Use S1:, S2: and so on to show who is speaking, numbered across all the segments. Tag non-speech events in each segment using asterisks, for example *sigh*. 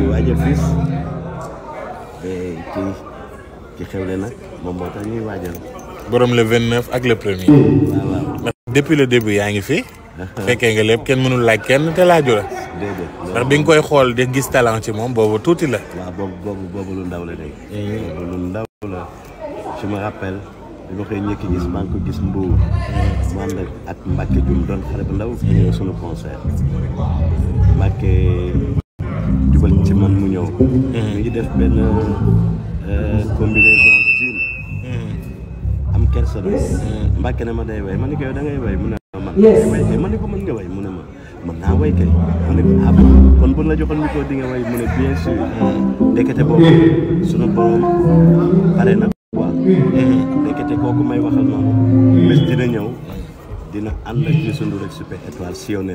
S1: di waaj iya, Eh, fiis ci ci xewle nag moom moo tax ñuy waajal. borom le 29 ak le premier. waaw hmm. depuis le début yaa fi. fekkee nga lépp kenn mënul laaj kenn te la. déedéet ndax bi nga koy xool di gis talent ci moom boobu tuuti la. waaw boobu boobu lu ndaw la day eh. lu ndaw la je me ñëw ñu ngi def combinaison zine am kersa la mbàkke ne ma day way ma ko yow da ngay way mu ma ne ko mën nga way mu ma mën naa way kay ma ko ah kon bu la joxoon micro di nga way bien sûr borom dina dina ak super étoile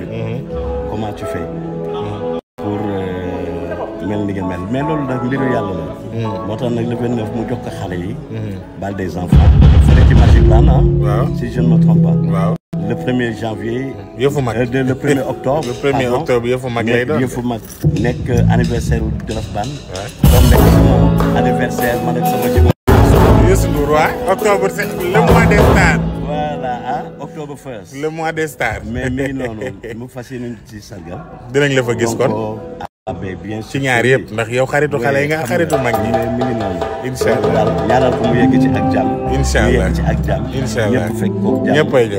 S1: mel ni nga mel mais loolu nag mbiru yàlla la. Hmm. moo tax nag le 29 mu jox ko xale yi. Hmm. bal des enfants. fële ci machine daan si je ne me trompe pas. waaw le premier janvier. yëfu mag euh, le premier *laughs* octobre. le premier octobre yëfu mag lay doon yëfu mag. nekk anniversaire de Dorof Ban. waaw donc nekk sama anniversaire ma nekk sama jëmm. Youssou Ndour waaw octobre c'est le mois des stars. voilà ah octobre first. le mois des stars. mais mi ngi *laughs* noonu mu fas yéene ci sargal. dinañ la fa gis kon euh, Ah, mais bien sûr ñaar yëpp ndax yow xaritu xale yi nga xaritu mag ñi. mi ngi noonu. mu yegg ci ak jàmm. incha allah mu